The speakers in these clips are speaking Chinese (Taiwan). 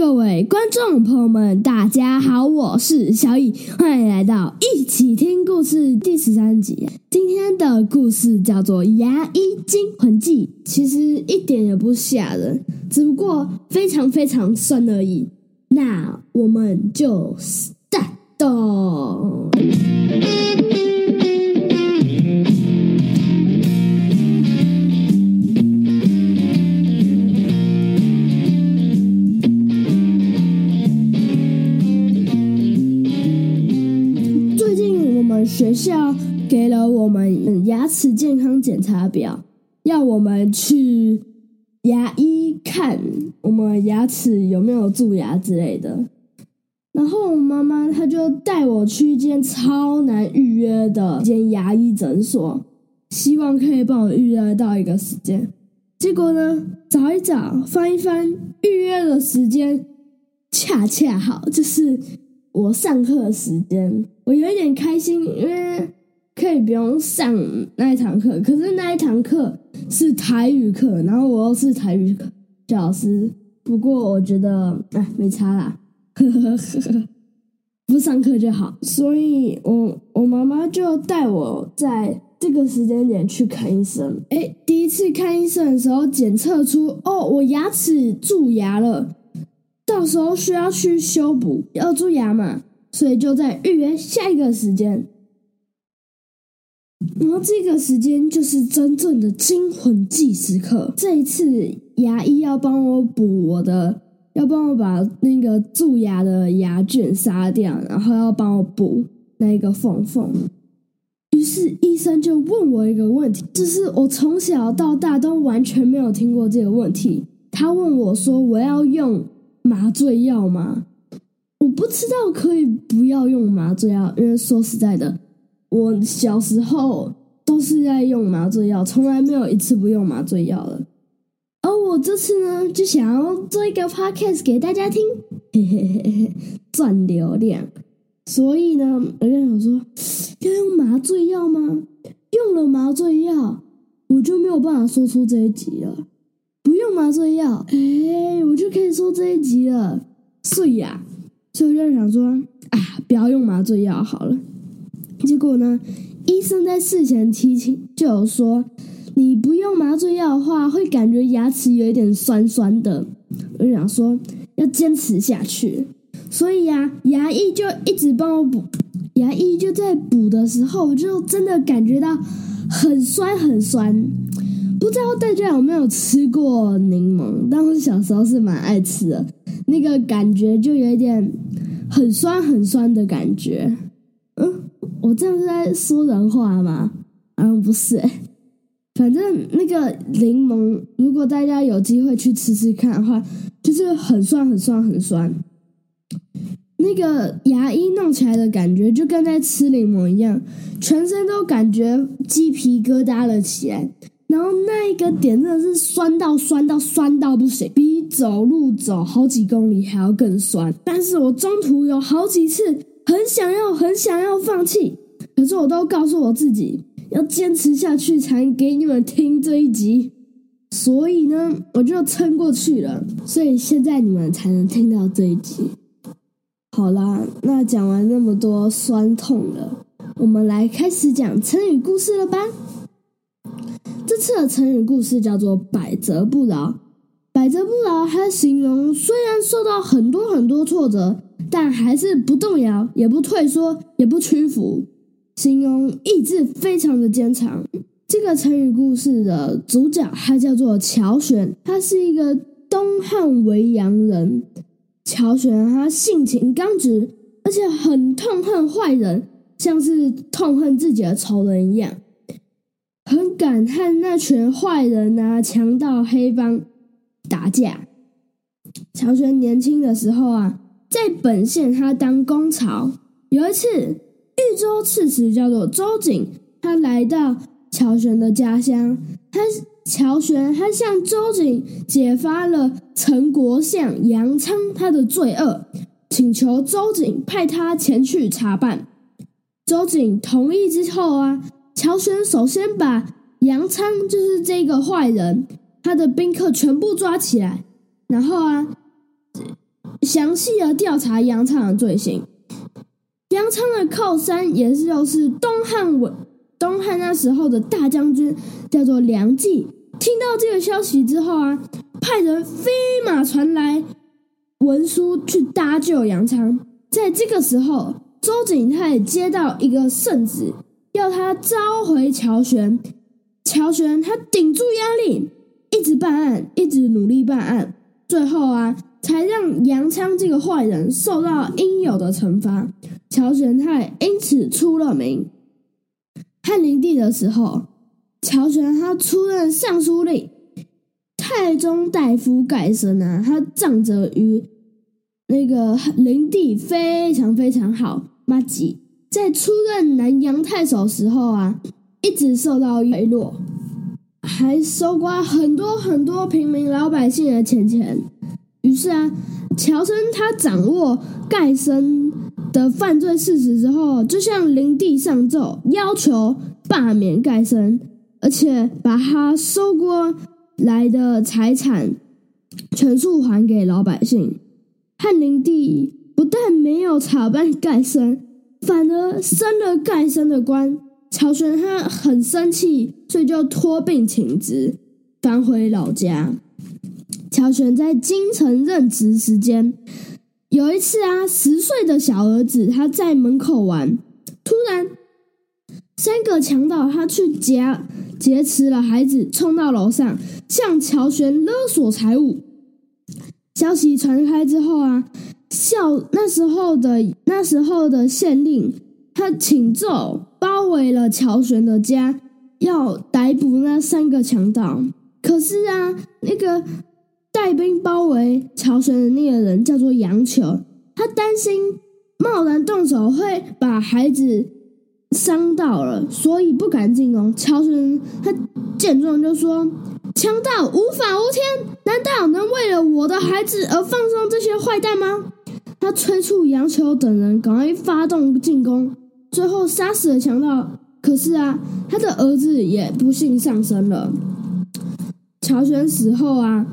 各位觀眾朋友們，大家好，我是小雨，歡迎來到一起聽故事第十三集。今天的故事叫做《牙醫驚魂記》，其實一點也不嚇人，只不過非常非常酸而已。那我們就 start。學校給了我們牙齒健康檢查表，要我們去牙醫看我們牙齒有沒有蛀牙之類的。然後我媽媽她就帶我去一間超難預約的一間牙醫診所，希望可以幫我預約到一個時間。結果呢，找一找，翻一翻，預約的時間恰恰好，就是我上課的時間。我有點開心，因為可以不用上那一堂課。可是那一堂課是台語課，然後我又是台語課，這老師。不過我覺得，哎，沒差啦，呵呵呵。不上課就好。所以我我媽媽就帶我在這個時間點去看醫生。哎、欸，第一次看醫生的時候檢測，檢測出哦，我牙齒蛀牙了，到時候需要去修補，要蛀牙嘛。所以就在預約下一個時間，然後這個時間就是真正的驚魂記時刻。這一次牙醫要幫我補我的，要幫我把那個蛀牙的牙菌殺掉，然後要幫我補那一個縫縫。於是醫生就問我一個問題，就是我從小到大都完全沒有聽過這個問題。他問我說：“我要用麻醉藥嗎？”我不知道可以不要用麻醉藥，因為說實在的，我小時候都是在用麻醉藥，從來沒有一次不用麻醉藥的。而我這次呢，就想要做一個 podcast 給大家聽，嘿嘿嘿嘿，賺流量。所以呢，我就想說，要用麻醉藥嗎？用了麻醉藥，我就沒有辦法說出這一集了。不用麻醉藥，哎、欸，我就可以說這一集了，所以啊。所以我就想說啊，不要用麻醉藥好了。結果呢，醫生在事前提醒就有說，你不用麻醉藥的話，會感覺牙齒有一點酸酸的。我就想說，要堅持下去。所以啊，牙醫就一直幫我補，牙醫就在補的時候，我就真的感覺到很酸很酸。不知道大家有沒有吃過檸檬？但我小時候是蠻愛吃的。那個感覺就有一點很酸很酸的感覺。嗯，我這樣是在說人話嗎？嗯，不是。反正那個檸檬，如果大家有機會去吃吃看的話，就是很酸很酸很酸。那個牙醫弄起來的感覺，就跟在吃檸檬一樣，全身都感覺雞皮疙瘩了起來。然後那一個點真的是酸到酸到酸到不行，比走路走好幾公里還要更酸。但是我中途有好幾次很想要、很想要放棄，可是我都告訴我自己要堅持下去，才能給你們聽這一集。所以呢，我就撐過去了，所以現在你們才能聽到這一集。好啦，那講完那麼多酸痛了，我們來開始講成語故事了吧。這次的成語故事叫做“百折不撓”。百折不撓它形容雖然受到很多很多挫折，但還是不動搖、也不退縮、也不屈服，形容意志非常的堅強。這個成語故事的主角他叫做喬玄，他是一個東漢圍陽人。喬玄他性情剛直，而且很痛恨壞人，像是痛恨自己的仇人一樣。很敢和那群壞人啊、強盜、黑幫打架。喬玄年輕的時候啊，在本縣他當功曹。有一次，豫州刺史叫做周景，他來到喬玄的家鄉。他喬玄他向周景揭發了陳國相楊昌他的罪惡，請求周景派他前去查辦。周景同意之後啊。喬玄首先把楊昌，就是這個壞人，他的賓客全部抓起來，然後啊，詳細的調查楊昌的罪行。楊昌的靠山也是又是東漢文，東漢那時候的大將軍叫做梁冀。聽到這個消息之後啊，派人飛馬傳來文書去搭救楊昌。在這個時候，周景泰接到一個聖旨。要他召回喬玄，喬玄他頂住壓力，一直辦案，一直努力辦案，最後啊，才讓楊昌這個壞人受到應有的懲罰。喬玄他因此出了名。漢靈帝的時候，喬玄他出任尚書令，太中大夫蓋升啊，他仗着與那個靈帝非常非常好，麻吉。在出任南陽太守時候啊，一直受到賄賂，還搜刮很多很多平民老百姓的錢錢。於是啊，喬生他掌握蓋生的犯罪事實之後，就向靈帝上奏，要求罷免蓋生，而且把他搜刮來的財產全數還給老百姓。漢靈帝不但沒有查辦蓋生。反而升了蓋升的官。喬玄他很生氣，所以就托病請辭，返回老家。喬玄在京城任職時間，有一次啊，十歲的小兒子他在門口玩，突然三個強盜他去劫劫持了孩子，衝到樓上，向喬玄勒索財物。消息傳開之後啊，叫那時候的那時候的縣令，他請奏包圍了喬玄的家，要逮捕那三個強盜。可是啊，那個帶兵包圍喬玄的那個人叫做楊球，他擔心貿然動手會把孩子傷到了，所以不敢進攻。喬玄他見狀就說：“強盜無法無天，難道能為了我的孩子而放縱這些壞蛋嗎？”他催促楊秋等人趕快一發動進攻，最後殺死了強盜。可是啊，他的兒子也不幸喪生了。喬玄死後啊，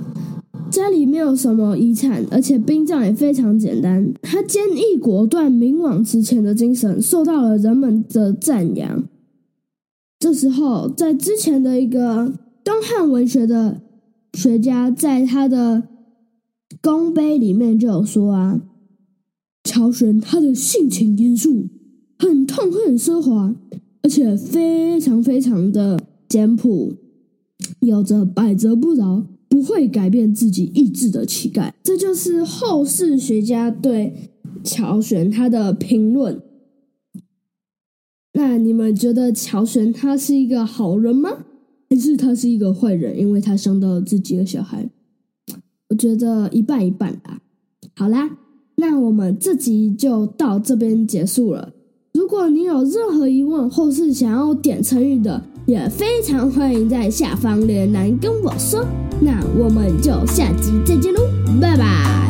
家裡沒有什麼遺產，而且殯葬也非常簡單。他堅毅果斷、勇往直前的精神受到了人們的讚揚。這時候，在之前的一個東漢文學的學家在他的功碑裡面就有說啊。喬玄他的性情嚴肅，很痛恨奢華，而且非常非常的簡樸，有着百折不撓、不會改變自己意志的氣概。這就是後世學家對喬玄他的評論。那你們覺得喬玄他是一個好人嗎？還是他是一個壞人？因為他傷到了自己的小孩。我覺得一半一半吧、啊。好啦。那我們這集就到這邊結束了。如果你有任何疑問，或是想要點成語的，也非常歡迎在下方留言來跟我說。那我們就下集再見嘍，拜拜。